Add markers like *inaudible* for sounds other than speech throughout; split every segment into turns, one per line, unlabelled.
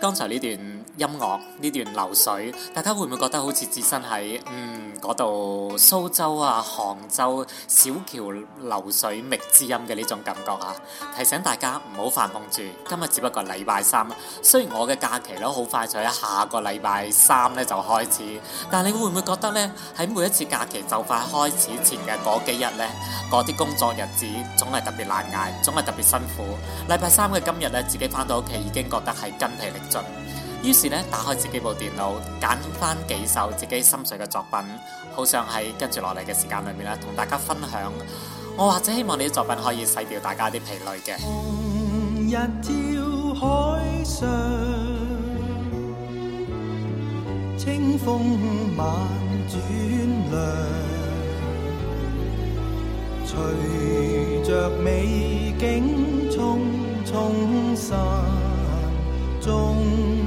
剛才呢段。音樂呢段流水，大家會唔會覺得好似置身喺嗯嗰度蘇州啊、杭州小橋流水、覓知音嘅呢種感覺啊？提醒大家唔好發夢住，今日只不過禮拜三啦。雖然我嘅假期咧好快就喺下個禮拜三咧就開始，但你會唔會覺得呢？喺每一次假期就快開始前嘅嗰幾日呢，嗰啲工作日子總係特別難捱，總係特別辛苦。禮拜三嘅今日咧，自己返到屋企已經覺得係筋疲力盡。於是呢，打開自己部電腦，揀翻幾首自己心水嘅作品，好想喺跟住落嚟嘅時間裏面呢，同大家分享。我或者希望你啲作品可以洗掉大家啲疲累嘅。
日照海上，清風晚轉涼，隨着美景匆匆散，終。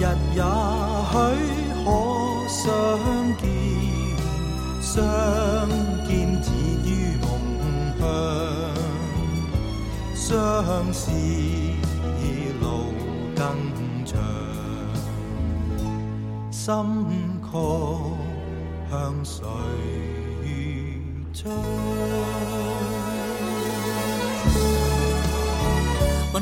日也許可相見，相見只於夢鄉，相思意路更長，心曲向誰唱？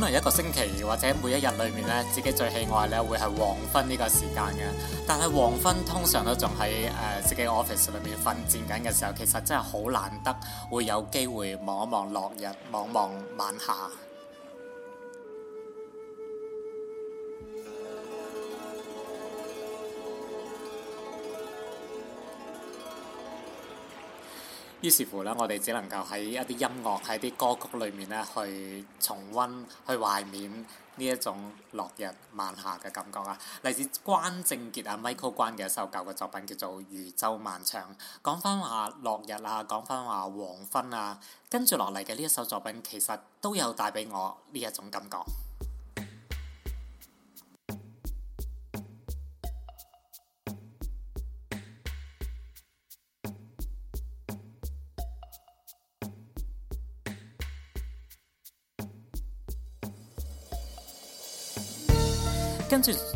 可能一個星期或者每一日裏面咧，自己最喜愛咧會係黃昏呢個時間嘅。但係黃昏通常都仲喺誒自己 office 裏面奮戰緊嘅時候，其實真係好難得會有機會望一望落日，望一望晚霞。於是乎咧，我哋只能夠喺一啲音樂、喺啲歌曲裏面咧，去重溫、去懷緬呢一種落日晚霞嘅感覺啊！嚟自關正傑啊、Michael 關嘅一首舊嘅作品叫做《漁舟唱晚》，講翻話落日啊，講翻話黃昏啊，跟住落嚟嘅呢一首作品其實都有帶俾我呢一種感覺。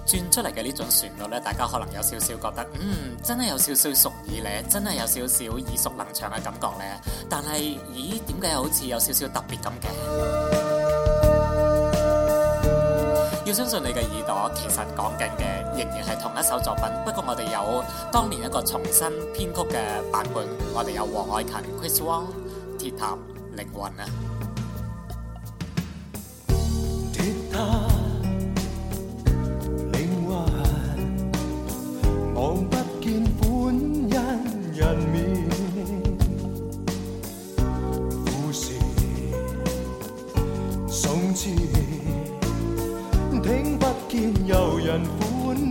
轉出嚟嘅呢種旋律咧，大家可能有少少覺得，嗯，真係有少少熟耳咧，真係有少少耳熟能詳嘅感覺咧。但係，咦，點解好似有少少特別咁嘅？ *music* 要相信你嘅耳朵，其實講緊嘅仍然係同一首作品，不過我哋有當年一個重新編曲嘅版本，我哋有黃凱芹、Chris Wong、鐵塔凌雲啊。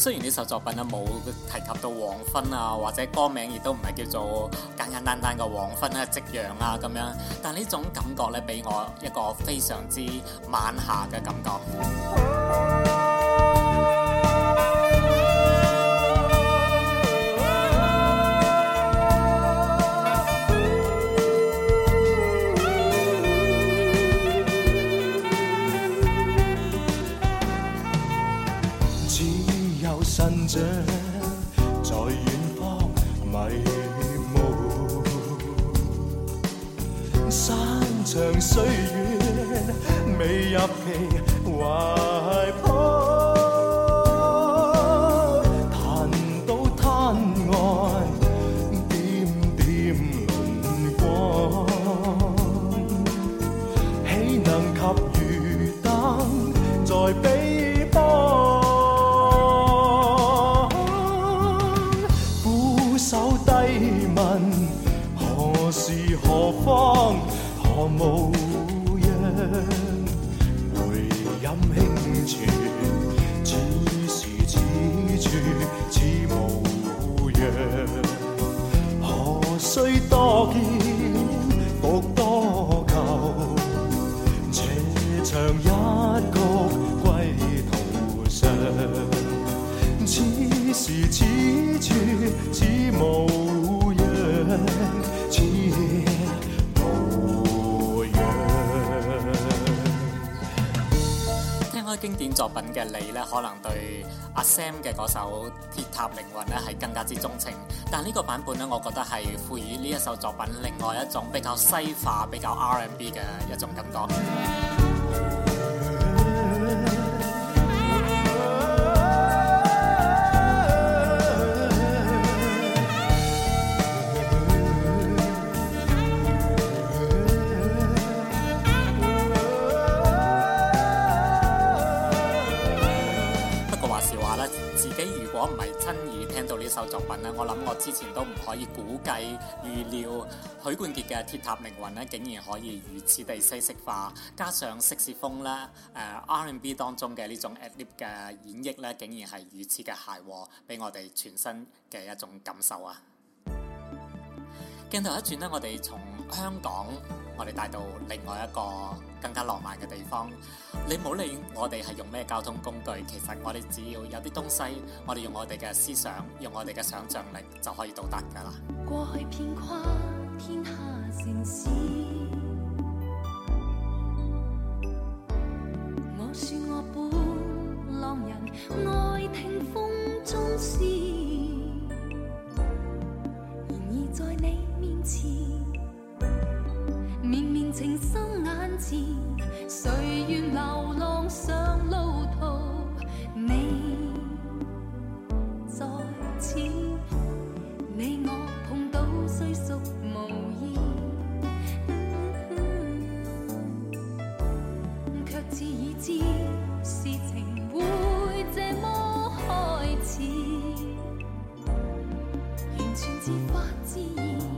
雖然呢首作品咧冇提及到黃昏啊，或者歌名亦都唔係叫做簡簡單單嘅黃昏啊、夕陽啊咁樣，但呢種感覺咧俾我一個非常之晚霞嘅感覺。 *noise*
長歲月，未入其懷。 *noise*
經典作品嘅你咧，可能對阿 Sam 嘅嗰首《鐵塔凌雲》咧係更加之鍾情，但係呢個版本咧，我覺得係賦予呢一首作品另外一種比較西化、比較 R&B 嘅一種感覺。首作品咧，我諗我之前都唔可以估計預料許冠傑嘅《鐵塔淩雲》咧，竟然可以如此地西式化，加上色士風啦，誒、呃、R&B 當中嘅呢種、ad-lib 嘅演繹咧，竟然係如此嘅諧和，俾我哋全新嘅一種感受啊！鏡頭一轉咧，我哋從香港，我哋帶到另外一個更加浪漫嘅地方。你唔好理我哋係用咩交通工具，其實我哋只要有啲東西，我哋用我哋嘅思想，用我哋嘅想像力就可以到達㗎啦。
過去偏跨天下城市。卻自已知，事情會這麼開始，完全自發自然。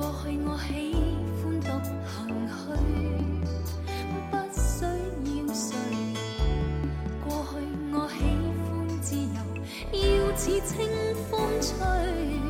過去我喜歡獨行去，我不需要誰。過去我喜歡自由，要似清風吹。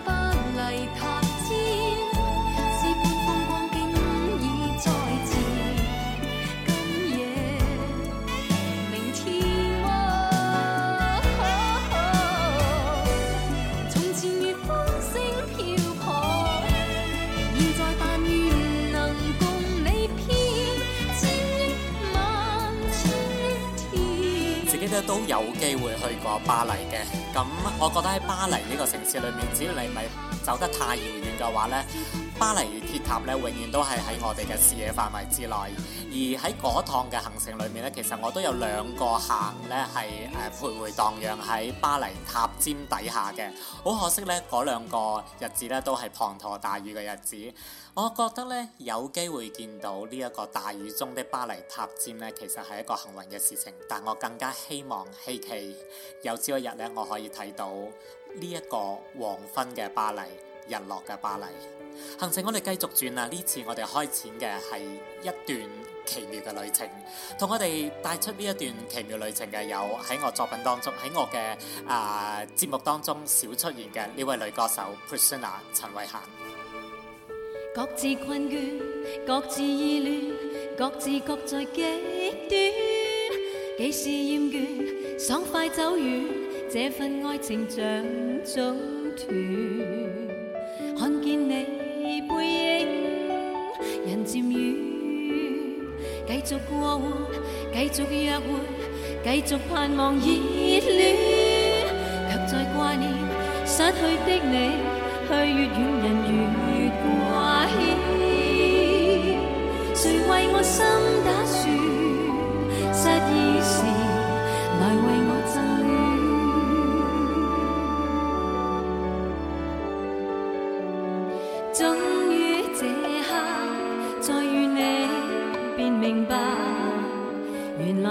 巴黎嘅，咁我覺得喺巴黎呢個城市裏面，只要你唔係走得太遙遠嘅話呢。巴黎鐵塔咧，永遠都係喺我哋嘅視野範圍之內。而喺嗰趟嘅行程裏面咧，其實我都有兩個下午咧，係、呃、徘徊盪漾喺巴黎塔尖底下嘅。好可惜咧，嗰兩個日子咧都係滂沱大雨嘅日子。我覺得咧有機會見到呢一個大雨中的巴黎塔尖咧，其實係一個幸運嘅事情。但我更加希望希冀有朝一日咧，我可以睇到呢一個黃昏嘅巴黎。日落嘅巴黎行程，我哋繼續轉啦。呢次我哋開展嘅係一段奇妙嘅旅程，同我哋帶出呢一段奇妙旅程嘅有喺我作品當中，喺我嘅啊、呃、節目當中少出現嘅呢位女歌手 Priscilla 陳慧嫻。
各自困倦，各自意亂，各自各在極端。幾時厭倦，爽快走遠，這份愛情像中斷。看見你背影，人漸遠，繼續過活，繼續約會，繼續盼望熱戀，卻在掛念失去的你，去越遠人越掛牽。誰為我心打算？失意時來為我。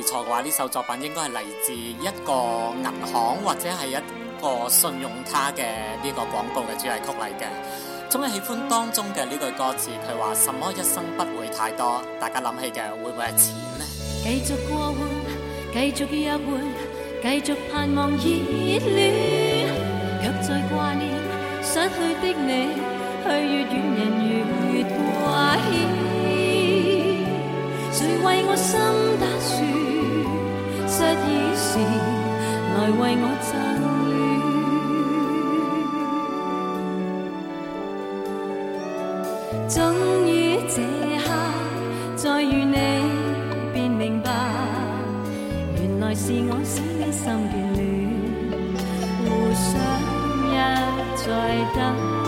冇錯嘅話，呢首作品應該係嚟自一個銀行或者係一個信用卡嘅呢個廣告嘅主題曲嚟嘅。總係喜歡當中嘅呢句歌詞，佢話什麼一生不會太多，大家諗起嘅會唔會係錢呢？繼續過換，
繼續約會，繼續盼望熱戀，卻在掛念失去的你，去越遠人越掛牽，誰為我心打算？失意時，來為我贈暖。終於這刻再遇你，便明白，原來是我死心眷戀，互相一再等。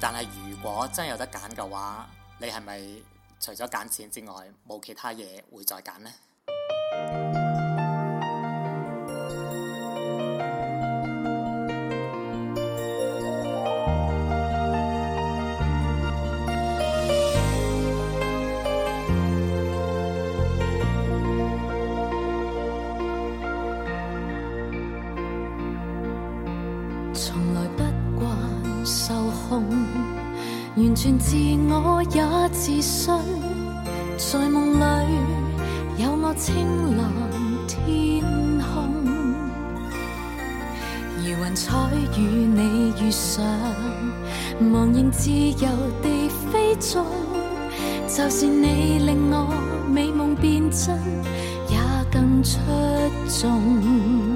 但係如果真係有得揀嘅話，你係咪除咗揀錢之外，冇其他嘢會再揀呢？
全自我也自信，在夢裡有我清朗天空，如雲彩與你遇上，茫然自由地飛縱，就算你令我美夢變真，也更出眾。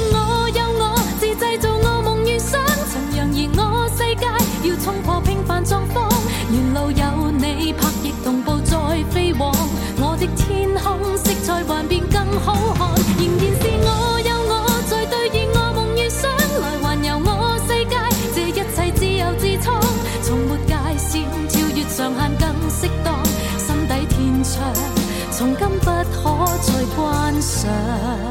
衝破平凡狀況，沿路有你拍翼同步再飛往，我的天空色彩幻變更好看，仍然是我有我在兌現我夢願想，來環遊我世界，這一切自由自創，從沒界線，跳越上限更適當，心底天窗，從今不可再關上。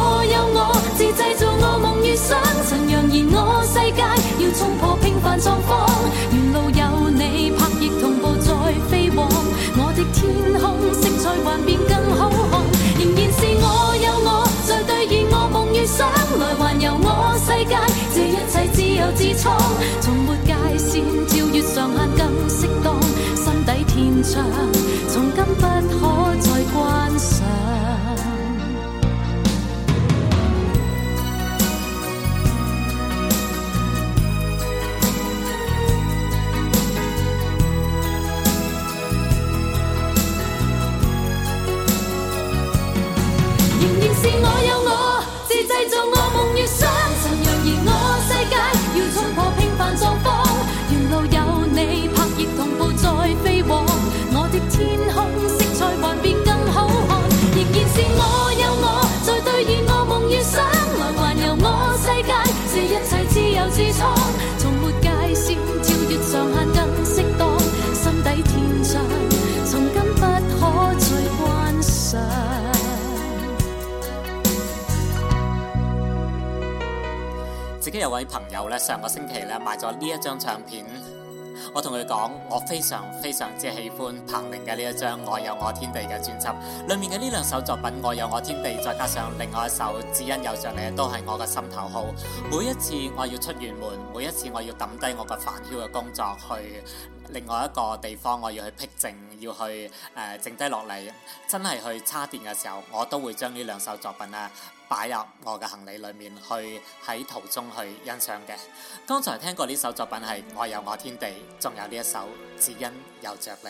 狀況，沿 *music* 路有你拍翼同步再飛往，我的天空色彩幻變更好看，仍然是我有我再兌現我夢與想來環遊我世界，這一切自由自創，從沒界線超越上限更適當，心底天窗。
有位朋友咧，上個星期咧買咗呢一張唱片，我同佢講，我非常非常之喜歡彭羚嘅呢一張《我有我天地》嘅專輯，裏面嘅呢兩首作品《我有我天地》，再加上另外一首《只因有著你》，都係我嘅心頭好。每一次我要出遠門，每一次我要抌低我個煩囂嘅工作去另外一個地方，我要去僻靜，要去誒靜低落嚟，真係去叉電嘅時候，我都會將呢兩首作品啊，擺入我嘅行李裡面去，喺途中去欣賞嘅。剛才聽過呢首作品係《我有我天地》，仲有呢一首《只因有著你》。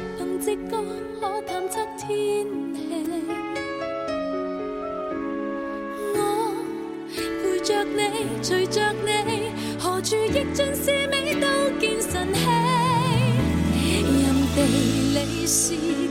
直覺可探測天氣，我陪着你，隨着你，何處亦盡是美，都見神氣。任地理是。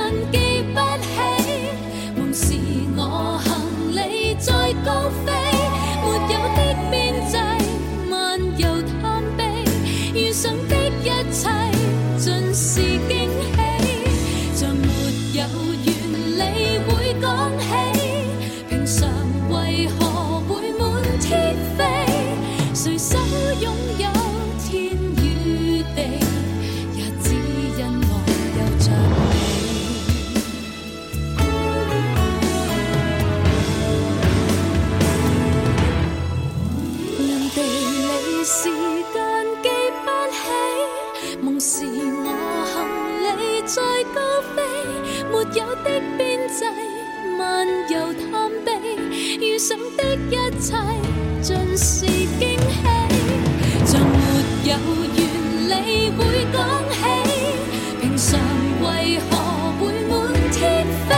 有緣理會講起，平常為何會滿天飛？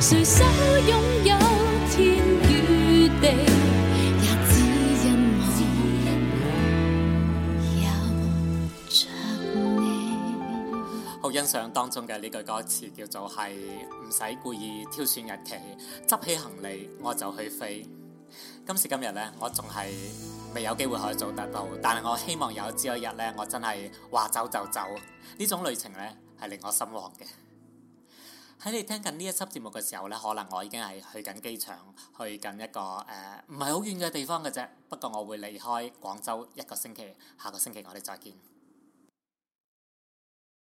誰想擁有天與地，日子任何人我有
著你。好欣賞當中嘅呢句歌詞，叫做係唔使故意挑選日期，執起行李我就去飛。今時今日呢，我仲係。未有機會可以做得到，但係我希望有朝一日咧，我真係話走就走，呢種旅程咧係令我心亡嘅。喺 *laughs* 你聽緊呢一輯節目嘅時候咧，可能我已經係去緊機場，去緊一個誒唔係好遠嘅地方嘅啫。不過我會離開廣州一個星期，下個星期我哋再見。